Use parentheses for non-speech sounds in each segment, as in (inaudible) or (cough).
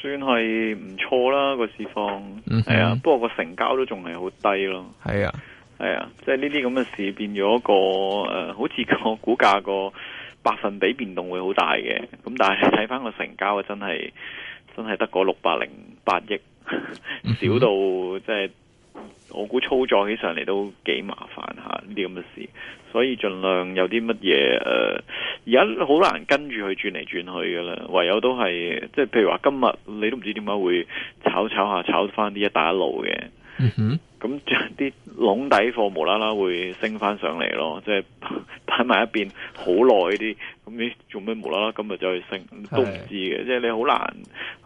算係唔錯啦，個市況，係、嗯、哼啊，不過個成交都仲係好低咯。係、嗯、哼啊，係啊，即係呢啲咁嘅事變咗個誒、呃，好似個股價個百分比變動會好大嘅，咁但係睇翻個成交啊，真係真係得個六百零八億，嗯、哼少到即係。就是我估操作起上嚟都幾麻煩吓呢啲咁嘅事，所以盡量有啲乜嘢，誒而家好難跟住佢轉嚟轉去㗎啦，唯有都係即係譬如話今日你都唔知點解會炒炒下炒翻啲一帶一路嘅。嗯，咁將啲籠底貨無啦啦會升翻上嚟咯，即係擺埋一邊好耐啲，咁是的 你做咩無啦啦今日就去升都唔知嘅，即係你好難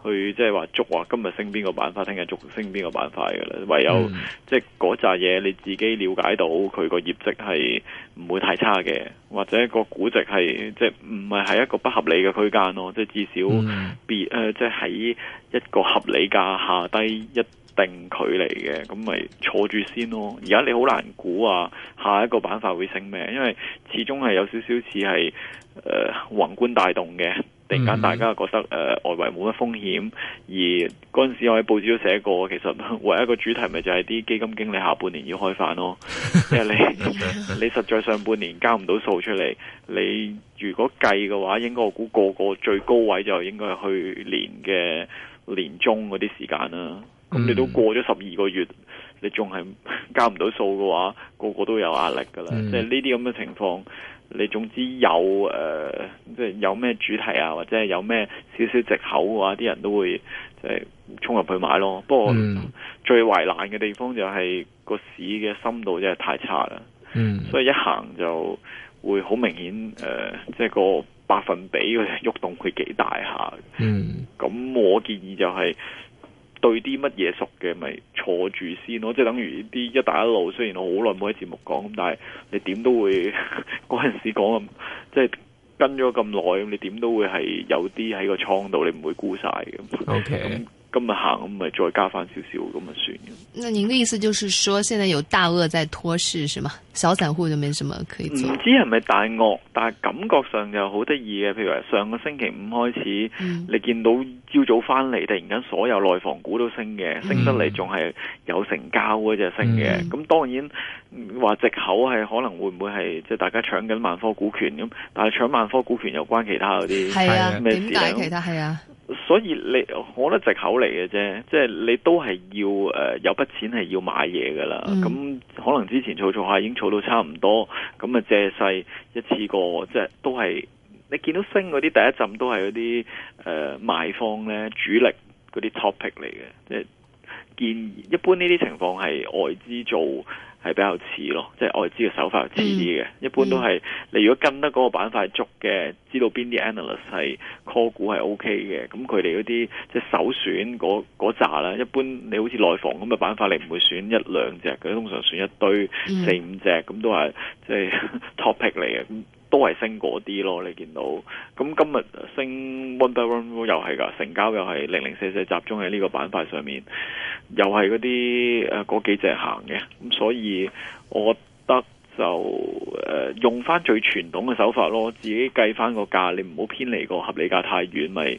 去即係話捉話今日升邊個板塊，聽日捉升邊個板塊嘅啦，唯有嗯嗯即係嗰扎嘢你自己了解到佢個業績係唔會太差嘅，或者個估值係即係唔係喺一個不合理嘅區間咯，即係至少別誒、嗯嗯嗯呃、即係喺一個合理價下低一。定距離嘅，咁咪坐住先咯。而家你好難估啊，下一個板塊會升咩？因為始終係有少少似係誒宏觀帶動嘅，突然間大家覺得誒、呃、外圍冇乜風險，而嗰陣時我喺報紙都寫過，其實唯一一個主題咪就係啲基金經理下半年要開飯咯。 (laughs) 即係你你實在上半年交唔到數出嚟，你如果計嘅話，應該我估個個最高位就應該係去年嘅年中嗰啲時間啦。咁你都過咗十二個月，你仲係交唔到數嘅話，個個都有壓力㗎啦。嗯、即係呢啲咁嘅情況，你總之有誒、呃，即係有咩主題啊，或者係有咩少少藉口嘅話，啲人都會即係衝入去買咯。不過、嗯、最為難嘅地方就係、是、個市嘅深度真係太差啦。嗯、所以一行就會好明顯誒、呃，即係個百分比嘅喐動佢幾大下。咁、嗯、我建議就係、是。對啲乜嘢熟嘅，咪坐住先咯。即係等於啲一帶一路，雖然我好耐冇喺節目講，但係你點都會嗰陣時講，即係跟咗咁耐，你點都會係有啲喺個倉度，你唔會沽晒嘅。Okay.。今日行，咁咪再加翻少少咁啊算嘅。那您的意思就是說，現在有大鱷在托市，是嗎？小散戶就沒什麼可以做。唔知係咪大鱷，但係感覺上就好得意嘅。譬如話上個星期五開始，嗯、你見到朝早翻嚟，突然間所有內房股都升嘅，升得嚟仲係有成交嗰、嗯、隻升嘅。咁、嗯、當然話借口係可能會唔會係即係大家搶緊萬科股權咁，但係搶萬科股權又關其他嗰啲係啊？點解其他係啊？所以你，我覺得藉口嚟嘅啫，即係你都係要誒有筆錢係要買嘢㗎啦。咁、嗯、可能之前儲儲下已經儲到差唔多，咁啊借勢一次過，即係都係你見到升嗰啲第一陣都係嗰啲誒買方咧主力嗰啲 topic 嚟嘅，即係建議一般呢啲情況係外資做。係比較似咯，即係外資嘅手法似啲嘅。嗯、一般都係你如果跟得嗰個板塊足嘅，知道邊啲 analyst 係 call 股係 OK 嘅，咁佢哋嗰啲即係首選嗰嗰扎啦。一般你好似內房咁嘅板塊，你唔會選一兩隻，佢通常選一堆四五隻，咁都係即係 topic 嚟嘅。都係升嗰啲咯，你見到咁今日升 one by one 又係㗎，成交又係零零四四集中喺呢個板塊上面，又係嗰啲誒嗰幾隻行嘅，咁所以我覺得就誒用翻最傳統嘅手法咯，自己計翻個價，你唔好偏離個合理價太遠咪。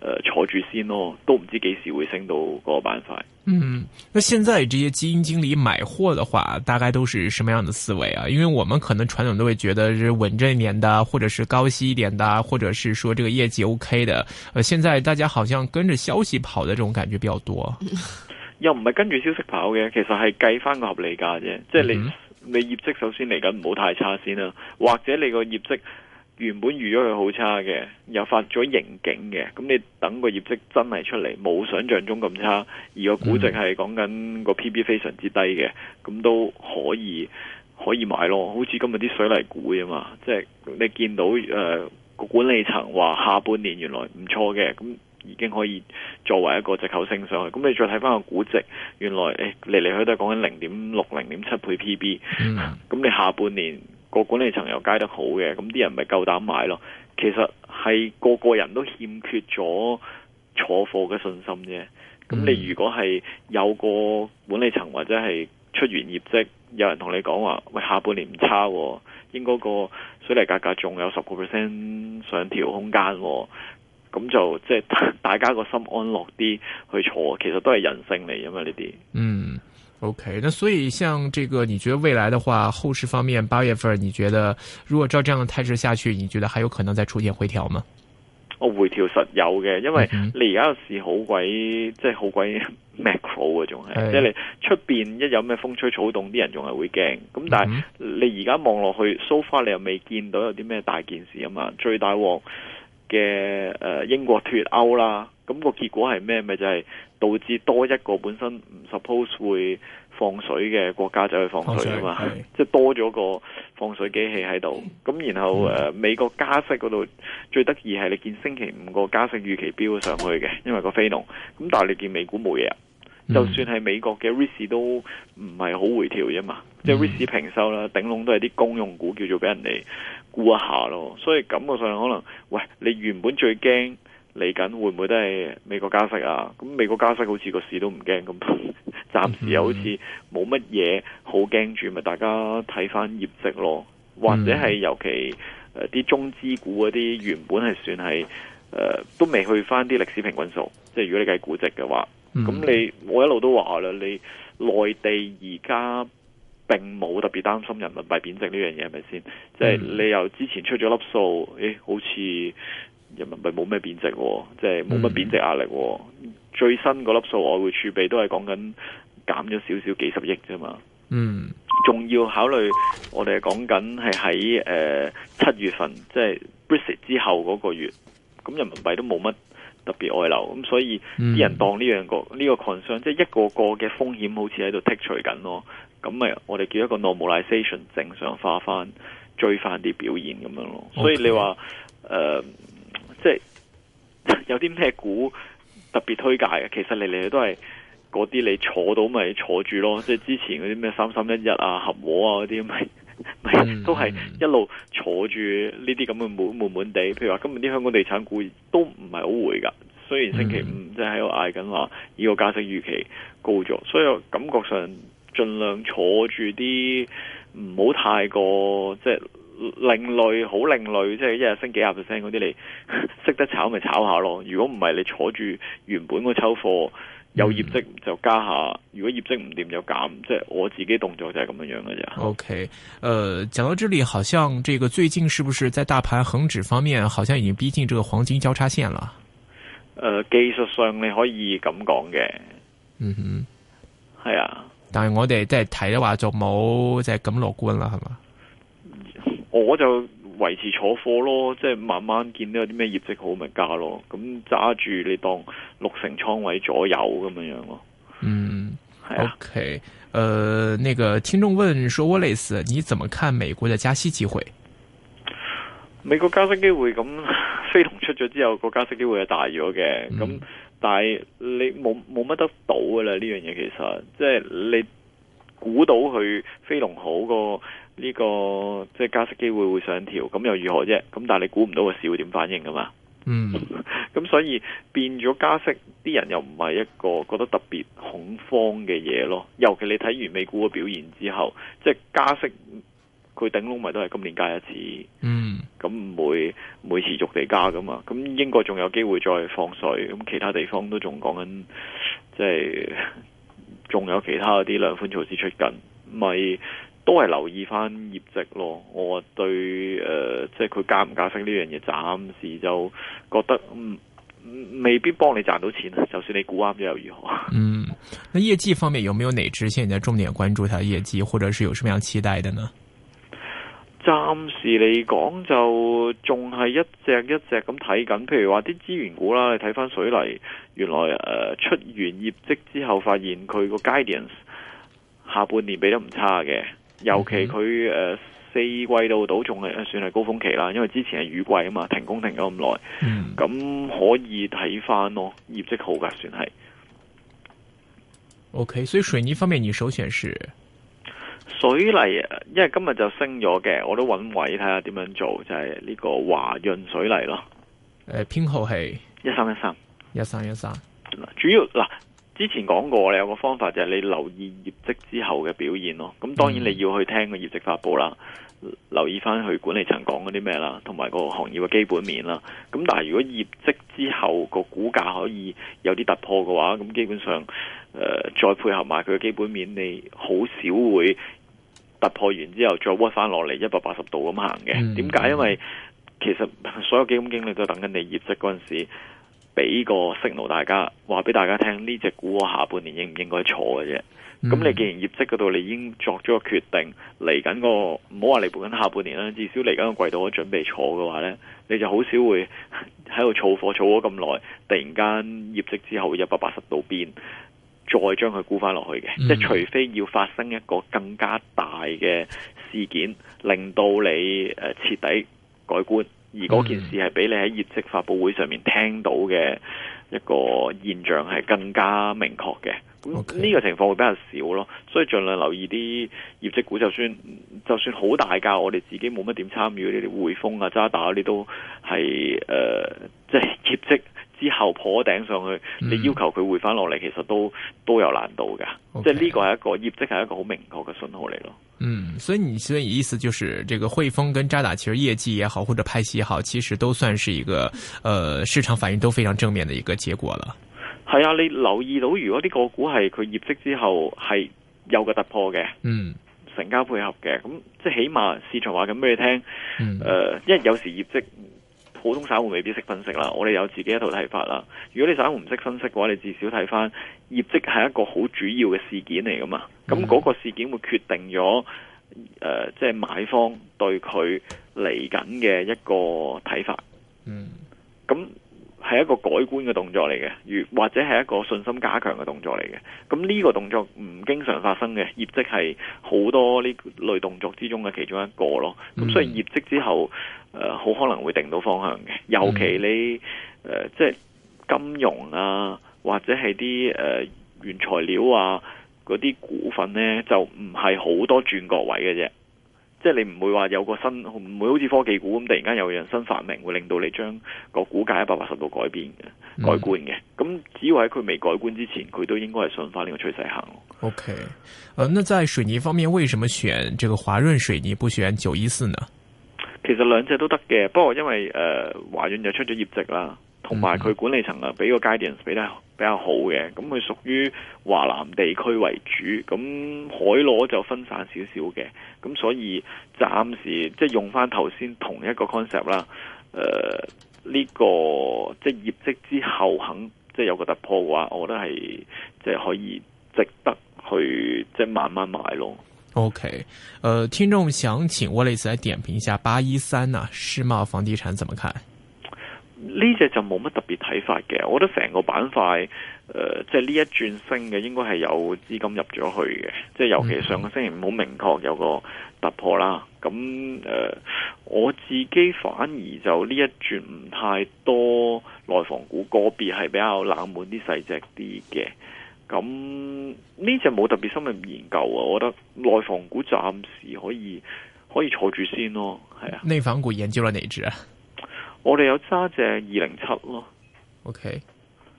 呃，坐住先咯，都唔知幾時會升到嗰個板塊。嗯，那現在這些基金經理買貨的話，大概都是什麼樣的思維啊？因為我們可能傳統都會覺得是穩陣一點的，或者是高息一點的，或者是說這個業績 OK 的。呃，現在大家好像跟着消息跑的這種感覺比較多。嗯，又唔係跟住消息跑嘅，其實係計翻個合理價啫。即係你、嗯、你業績首先嚟緊唔好太差先啦，或者你個業績。原本預咗佢好差嘅，又發咗盈警嘅，咁你等個業績真係出嚟冇想象中咁差，而個估值係講緊個 P B 非常之低嘅，咁、嗯、都可以可以買咯。好似今日啲水泥股吖嘛，即、就、係、是、你見到誒個、呃、管理層話下半年原來唔錯嘅，咁已經可以作為一個藉口升上去。咁你再睇返個估值，原來嚟嚟、哎、去都係講緊零點六、零點七倍 P B，咁、嗯、你下半年。個管理層又解得好嘅，咁啲人咪夠膽買咯。其實係個個人都欠缺咗坐貨嘅信心啫。咁、嗯、你如果係有個管理層或者係出完業績，有人同你講話，喂，下半年唔差、哦，應該個水泥價格仲有十個 percent 上調空間、哦，咁就即係、就是、大家個心安樂啲去坐。其實都係人性嚟，啊嘛呢啲。嗯。OK，那所以像這個，你覺得未來的話，後市方面八月份，你覺得如果照這樣的態勢下去，你覺得還有可能再出現回調嗎？我回調實有嘅，因為你而家個市好鬼，mm hmm. 即係好鬼 macro 嗰種，mm hmm. 即係你出邊一有咩風吹草動，啲人仲係會驚。咁但係你而家望落去、mm hmm.，so far 你又未見到有啲咩大件事啊嘛，最大鑊嘅、呃、英國脫歐啦，咁、個結果係咩？咪就係、是。導致多一個本身唔 suppose 會放水嘅國家就去放水啊嘛，即係多咗個放水機器喺度。咁然後誒，美國加息嗰度最得意係你見星期五個加息預期飆上去嘅，因為個非農。咁但係你見美股冇嘢，就算係美國嘅 REITs 都唔係好回調啫嘛，即係 REITs 平收啦，頂籠都係啲公用股叫做俾人哋沽一下咯。所以感覺上可能，喂，你原本最驚。嚟緊會唔會都係美國加息啊？咁美國加息好似個市都唔驚咁，暫時又好似冇乜嘢好驚住，咪大家睇翻業績咯。或者係尤其啲中資股嗰啲原本係算係誒、呃、都未去翻啲歷史平均數，即係如果你計估值嘅話，咁、嗯、你我一路都話啦，你內地而家並冇特別擔心人民幣貶值呢樣嘢係咪先？即係、就是、你又之前出咗粒數，誒、哎、好似。人民幣冇咩貶值，即係冇乜貶值壓力。嗯、最新嗰粒數，外匯儲備都係講緊減咗少少幾十億啫嘛。嗯，仲要考慮我哋係講緊係喺誒七月份，即係 Brexit 之後嗰個月，咁人民幣都冇乜特別外流，咁所以啲人當呢、這、樣個呢、嗯、個 concern，即係一個個嘅風險好似喺度剔除緊咯。咁咪我哋叫一個 normalization 正常化翻追翻啲表現咁樣咯。所以你話 okay. 即係有啲咩股特別推介嘅？其實嚟嚟去都係嗰啲你坐到咪坐住咯。即係之前嗰啲咩三三一一啊、合和啊嗰啲咪咪都係一路坐住呢啲咁嘅悶悶悶地。譬如話今日啲香港地產股都唔係好回㗎。雖然星期五即係喺度嗌緊話呢個加息預期高咗，所以我感覺上盡量坐住啲唔好太過即係。另類好另類，即係一日升幾十 percent 嗰啲，你識 (laughs) 得炒咪炒下咯。如果唔係，你坐住原本嗰秋貨有業績就加下，嗯、如果業績唔掂就減。嗯、即係我自己動作就係咁樣樣嘅啫。OK，誒、呃，講到呢裏，好像這個最近是不是在大盤恒指方面，好像已經逼近這個黃金交叉線啦？誒、呃，技術上你可以咁講嘅，嗯哼，係啊。但係我哋即係睇嘅話就冇即係咁樂觀啦，係嘛？我就維持坐貨咯，即係慢慢見到有啲咩業績好咪加咯，咁揸住你當六成倉位左右咁樣樣咯。嗯、啊、OK，誒、呃，那個聽眾問說 Wallace，你怎麼看美國嘅加息機會？美國加息機會咁，飛龍出咗之後個加息機會係大咗嘅，咁、嗯、但係你冇冇乜得到噶啦呢樣嘢其實，即係你估到佢飛龍好過。呢、這個即係加息機會會上調，咁又如何啫？咁但係你估唔到個市會點反應噶嘛？嗯，咁 (laughs) 所以變咗加息，啲人又唔係一個覺得特別恐慌嘅嘢咯。尤其你睇完美股嘅表現之後，即係加息，佢頂籠咪都係今年加一次，嗯，咁唔會唔會持續地加噶嘛？咁英國仲有機會再放水，咁其他地方都仲講緊，即係仲有其他啲兩款措施出緊咪？就是都係留意翻業績咯，我對誒、呃，即係佢加唔加息呢樣嘢，暫時就覺得、嗯、未必幫你賺到錢啊！就算你估啱咗又如何？嗯，那業績方面，有冇有哪支現在重點關注下業績，或者是有什麼樣期待的呢？暫時嚟講，就仲係一隻一隻咁睇緊，譬如話啲資源股啦，你睇翻水泥，原來誒、呃、出完業績之後，發現佢個 guidance 下半年畀得唔差嘅。尤其佢誒四季度都仲係算係高峰期啦，因為之前係雨季啊嘛，停工停咗咁耐，咁、嗯、可以睇翻咯，業績好噶算係。O、okay, K，所以水泥方面你手上，你首選是水泥，因為今日就升咗嘅，我都揾位睇下點樣做，就係、是、呢個華潤水泥咯。編號係一三一三一三一三，主要嗱。之前講過，你有個方法就係你留意業績之後嘅表現咯。咁當然你要去聽個業績發佈啦，嗯、留意翻佢管理層講啲咩啦，同埋個行業嘅基本面啦。咁但係如果業績之後個股價可以有啲突破嘅話，咁基本上、呃、再配合埋佢嘅基本面，你好少會突破完之後再屈翻落嚟一百八十度咁行嘅。點解、嗯？因為其實所有基金經理都等緊你業績嗰陣時。俾個 signal 大家，話俾大家聽呢隻股我下半年應唔應該坐嘅啫。咁、嗯、你既然業績嗰度你已經作咗個決定，嚟緊個唔好話嚟半緊下半年啦，至少嚟緊個季度我準備坐嘅話呢，你就好少會喺度儲貨，儲咗咁耐，突然間業績之後一百八十度變，再將佢估翻落去嘅，嗯、即係除非要發生一個更加大嘅事件，令到你誒、呃、徹底改觀。而嗰件事係比你喺業績發佈會上面聽到嘅一個現象係更加明確嘅。咁呢 Okay, 個情況會比較少咯，所以盡量留意啲業績股，就算就算好大價，我哋自己冇乜點參與，呢啲匯豐啊、渣打呢，你都係誒即係業績之後破頂上去，你要求佢回翻落嚟，其實都都有難度嘅。Okay, 即係呢個係一個業績，係一個好明確嘅信號嚟咯。嗯，所以你所以意思就是，這個匯豐跟渣打其實業績也好，或者派息也好，其實都算是一個，呃，市場反應都非常正面的一個結果了係啊，你留意到如果啲個股係佢業績之後係有個突破嘅，嗯，成交配合嘅，咁即係起碼市場話咁俾你聽，誒、呃，因為有時業績。普通散戶未必識分析啦，我哋有自己一套睇法啦。如果你散戶唔識分析嘅話，你至少睇返業績係一個好主要嘅事件嚟㗎嘛。咁嗰個事件會決定咗誒，即係買方對佢嚟緊嘅一個睇法。嗯，咁。係一個改觀嘅動作嚟嘅，如或者係一個信心加強嘅動作嚟嘅。咁呢個動作唔經常發生嘅，業績係好多呢類動作之中嘅其中一個咯。咁所以業績之後，誒好、嗯呃、可能會定到方向嘅。尤其你誒、呃、即係金融啊，或者係啲誒原材料啊嗰啲股份呢，就唔係好多轉角位嘅啫。即係你唔會話有個新，唔會好似科技股咁突然間有樣新發明會令到你將個股價一百八十度改變嘅，嗯、改觀嘅，咁只要喺佢未改觀之前，佢都應該係順返呢個趨勢行。O K，誒，那在水泥方面，為什麼選這個華潤水泥不選九一四呢？其實兩隻都得嘅，不過因為誒、呃、華潤就出咗業績啦，同埋佢管理層啊，俾個 guidance 俾得。比較好嘅，咁佢屬於華南地區為主，咁海螺就分散少少嘅，咁所以暫時即係用翻頭先同一個 concept 啦。誒、呃，呢、這個即係業績之後肯即係有個突破嘅話，我覺得係即係可以值得去即係慢慢買咯。OK，誒、呃，聽眾想請 Wallace 來點評一下八一三啊世茂房地產，怎麼看？呢隻就冇乜特別睇法嘅，我覺得成個板塊，呃，即係呢一轉升嘅應該係有資金入咗去嘅，即係尤其上個星期唔好明確有個突破啦。咁、嗯、誒、呃，我自己反而就呢一轉唔太多內房股，個別係比較冷門啲細隻啲嘅。咁呢隻冇特別深入研究啊，我覺得內房股暫時可以可以坐住先咯，係啊。內房股研究咗哪隻啊？我哋有揸隻二零七咯，OK，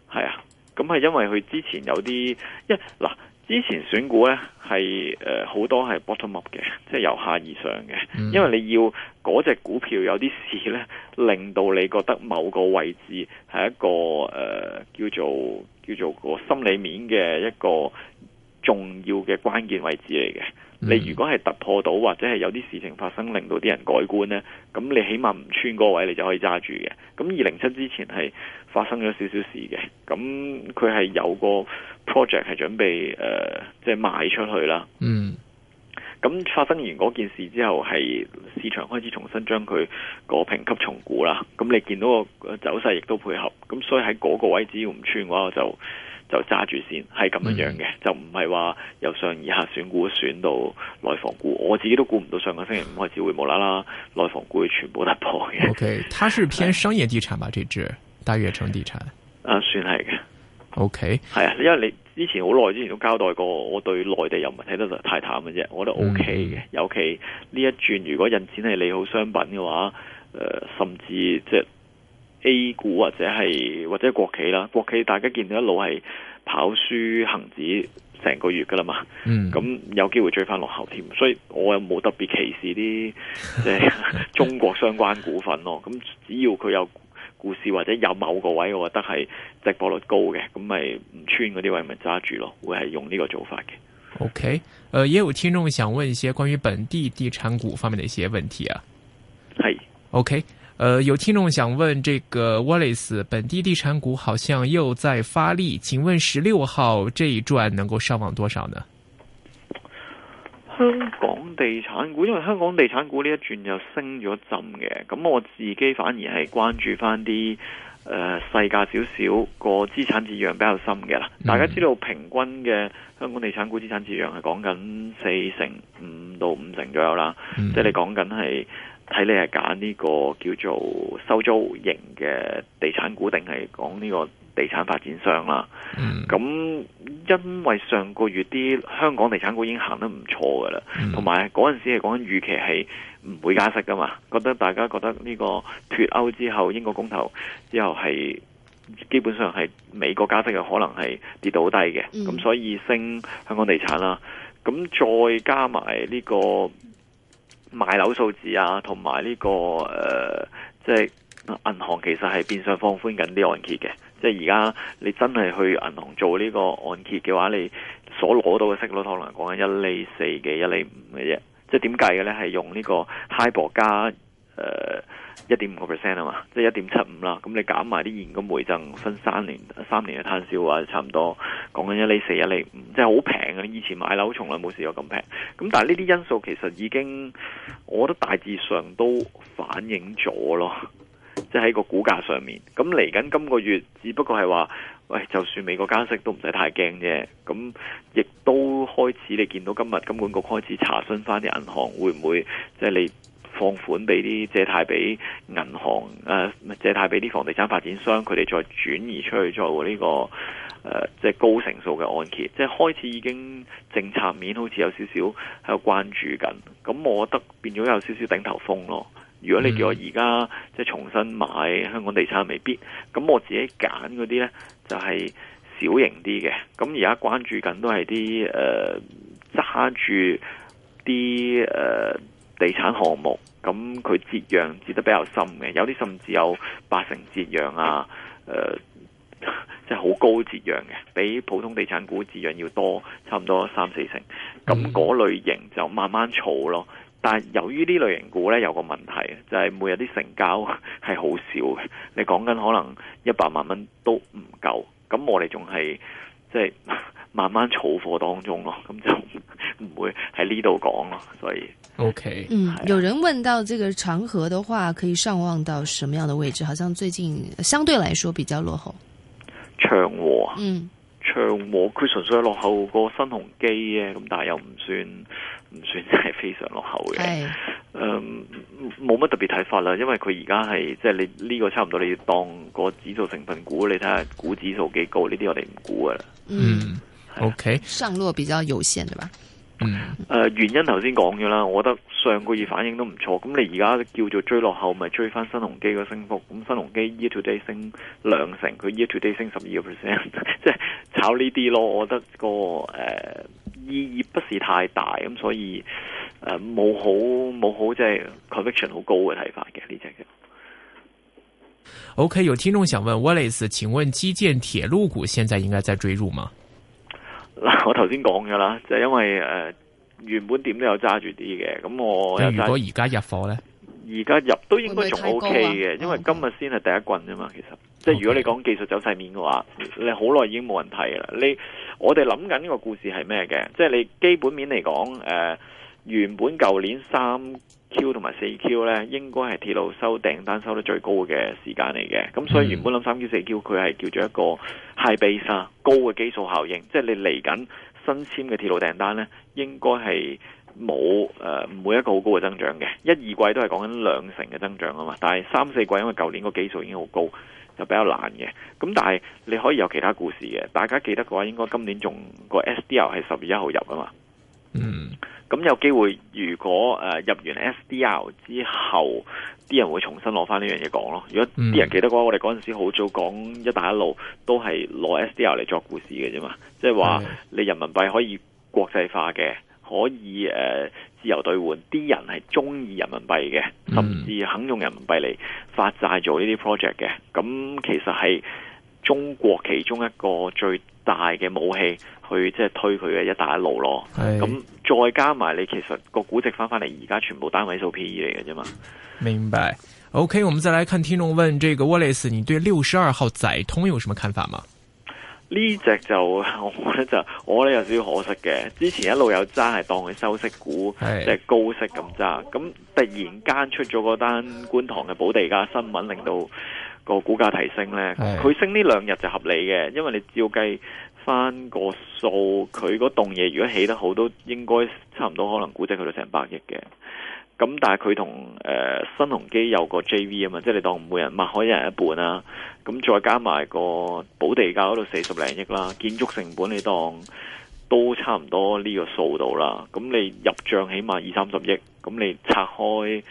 係啊，咁係因為佢之前有啲一嗱，之前選股咧係誒好多係 bottom up 嘅，即係由下而上嘅，嗯、因為你要嗰隻股票有啲事咧，令到你覺得某個位置係一個誒、呃、叫做叫做個心裏面嘅一個重要嘅關鍵位置嚟嘅。你如果係突破到，或者係有啲事情發生，令到啲人改觀呢，咁你起碼唔穿嗰位，你就可以揸住嘅。咁二零七之前係發生咗少少事嘅，咁佢係有個 project 係準備誒，即、呃、係、即係、賣出去啦。嗯，咁發生完嗰件事之後，係市場開始重新將佢個評級重估啦。咁你見到個走勢亦都配合，咁所以喺嗰個位只要唔穿嘅話，我就。就揸住先，係咁樣樣嘅，嗯、就唔係話由上而下選股選到內房股，我自己都估唔到上個星期五開始會無啦啦內房股會全部突破嘅。OK，佢係偏商業地產吧？ (laughs) 這支大悦城地產，啊算係嘅。O K，係啊，因為你之前好耐之前都交代過，我對內地又唔係睇得太淡嘅啫，我覺得 O K 嘅。嗯、尤其呢一轉，如果印錢係利好商品嘅話，誒、呃，甚至即係。A 股或者係或者是國企啦，國企大家見到一路係跑輸恒指成個月噶啦嘛，咁、嗯、有機會追翻落後添，所以我又冇特別歧視啲即、就是、 (laughs) 中國相關股份咯。咁只要佢有故事或者有某個位，我覺得係值博率高嘅，咁咪唔穿嗰啲位咪揸住咯，會係用呢個做法嘅。OK，誒、呃，也有聽眾想問一些關於本地地產股方面的一些問題啊，係是 OK。呃，有聽眾想問，這個 Wallace 本地地產股好像又在發力，請問十六號這一轉能夠上望多少呢？香港地產股，因為香港地產股呢一轉又升咗浸嘅，咁我自己反而係關注翻啲誒細價少少個資產折讓比較深嘅啦。嗯、大家知道平均嘅香港地產股資產折讓係講緊四成五到五成左右啦，嗯、即係你講緊係。睇你係揀呢個叫做收租型嘅地產股定，定係講呢個地產發展商啦。咁、mm hmm. 因為上個月啲香港地產股已經行得唔錯㗎啦，同埋嗰陣時係講緊預期係唔會加息㗎嘛。覺得大家覺得呢個脫歐之後，英國公投之後係基本上係美國加息嘅可能係跌到好低嘅，咁、mm hmm. 所以升香港地產啦。咁再加埋呢、個。賣樓數字啊，同埋呢個誒，即、呃、係、就是、銀行其實係變相放寬緊啲按揭嘅。即係而家你真係去銀行做呢個按揭嘅話，你所攞到嘅息率，可能講緊一厘四嘅、一厘五嘅啫。即係點計嘅咧？係用呢個 HIBOR 加誒一點五個 percent 啊嘛，即係一點七五啦。咁、就是、你減埋啲現金回贈，分三年三年嘅攤銷啊，差唔多講緊一厘四、一厘五，即係好平啊！以前買樓從來冇試過咁平。咁但係呢啲因素其實已經，我覺得大致上都反映咗咯。即係喺個股價上面。咁嚟緊今個月，只不過係話，喂，就算美國加息都唔使太驚啫。咁亦都開始你見到今日金管局開始查詢翻啲銀行會唔會，即、就、係、是、你。放款俾啲借貸俾銀行，誒、借貸俾啲房地產發展商，佢哋再轉移出去做呢個、這個、誒、即係高成數嘅按揭，即係開始已經政策面好似有少少喺度關注緊。咁我覺得變咗有少少頂頭風咯。如果你叫我而家即係重新買香港地產，未必。咁我自己揀嗰啲呢，就係小型啲嘅。咁而家關注緊都係啲誒揸住啲誒。呃地產項目，咁佢折讓折得比較深嘅，有啲甚至有八成折讓啊，誒、呃，即係好高折讓嘅，比普通地產股折讓要多，差唔多三四成。咁嗰類型就慢慢儲咯。但係由於呢類型股呢，有個問題，就係、是、每日啲成交係好少嘅，你講緊可能一百萬蚊都唔夠。咁我哋仲係即係。慢慢儲貨當中咯，咁就唔會喺呢度講咯。所以，OK，嗯，有人問到這個長和的話，可以上望到什麼樣的位置？好像最近相對來說比較落後。長和啊，嗯，長和佢純粹係落後、個新鴻基嘅，咁但係又唔算唔算係非常落後嘅。哎、嗯，冇乜特別睇法啦，因為佢而家係即係你呢、個差唔多，你要當個指數成分股，你睇下股指數幾高，呢啲我哋唔估嘅。嗯。OK，上落比較有限，對吧？嗯，誒，原因頭先講咗啦。我覺得上個月反應都唔錯，咁你而家叫做追落後，咪追翻新鴻基個升幅。咁新鴻基 Year to Day 升兩成，佢 Year to Day 升十二個 percent，即係炒呢啲咯。我覺得個誒意義不是太大，咁所以誒冇好冇好，即係 conviction 好高嘅睇法嘅呢隻嘅。OK，有聽眾想問 Wallace，請問基建鐵路股現在應該再追入嗎？嗱，我頭先講咗啦，就係因為誒、呃、原本點都有揸住啲嘅，咁我但如果而家入貨呢？而家入都應該仲 OK 嘅，會會啊、因為今日先係第一棍啫嘛。其實，即係如果你講技術走勢面嘅話，Okay. 你好耐已經冇人睇啦。你我哋諗緊呢個故事係咩嘅？即係你基本面嚟講誒。呃原本舊年三 Q 同埋四 Q 呢，應該係鐵路收訂單收得最高嘅時間嚟嘅。咁所以原本諗三 Q 四 Q 佢係叫做一個 high base 啊，高嘅基數效應。即係你嚟緊新簽嘅鐵路訂單呢，應該係冇誒每一個好高嘅增長嘅。一二季都係講緊兩成嘅增長啊嘛。但係三四季因為舊年個基數已經好高，就比較難嘅。咁但係你可以有其他故事嘅。大家記得嘅話，應該今年仲個 SDL 係十月一號入啊嘛。嗯。咁有機會如果誒、呃、入完 SDR 之後，啲人會重新攞翻呢樣嘢講咯。如果啲人、嗯、記得嘅話，我哋嗰陣時好早講一帶一路都係攞 SDR 嚟作故事嘅啫嘛。即係話你人民幣可以國際化嘅，可以誒、呃、自由兌換，啲人係中意人民幣嘅，甚至肯用人民幣嚟發債做呢啲 project 嘅。咁其實係。中國其中一個最大嘅武器，去即係推佢嘅一帶一路咯。咁是、嗯、再加埋你，其實個估值翻翻嚟，而家全部單位數 P E 嚟嘅啫嘛。明白。OK，我們再來看聽眾問：這個 Wallace，你對六十二號載通有什麼看法嗎？呢隻就我覺得就我覺得有少少可惜嘅，之前一路有揸係當佢收息股，即係是高息咁揸，咁突然間出咗嗰單觀塘嘅保地價新聞，令到個股價提升呢，佢是的 升呢兩日就合理嘅，因為你照計翻個數，佢嗰棟嘢如果起得好，都應該差唔多可能估值，去到成百億嘅。咁但係佢同誒新鴻基有個 JV 啊嘛，即係你當每人擘開一人一半啦、啊。咁再加埋個補地價嗰度四十零億啦，建築成本你當都差唔多呢個數度啦。咁你入賬起碼二三十億，咁你拆開誒。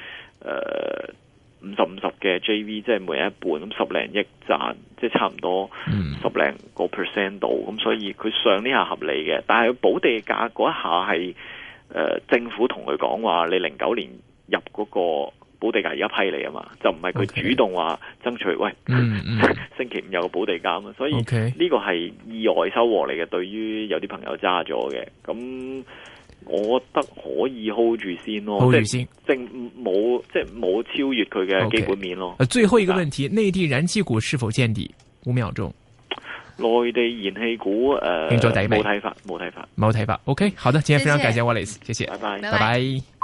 呃五十五十嘅 JV，即係每人一半，咁十零億賺，即係差唔多十零個 percent 到。咁、嗯、所以佢上呢下合理嘅。但係補地價嗰一下係、呃，政府同佢講話，你零九年入嗰個補地價而家批嚟啊嘛，就唔係佢主動話爭取，喂，嗯嗯、 (laughs) 星期五有個補地價啊嘛，所以呢個係意外收穫嚟嘅，對於有啲朋友揸咗嘅，咁、嗯。嗯我覺得可以 hold 住先咯，hold 住先，即冇即係冇超越佢嘅基本面咯。Okay. 最後一個問題，內地燃氣股是否見底？五秒鐘，內地燃氣股誒，冇睇法，冇睇法，冇睇法。OK，好的，今日非常感謝 Wallace，謝謝，拜拜，拜拜。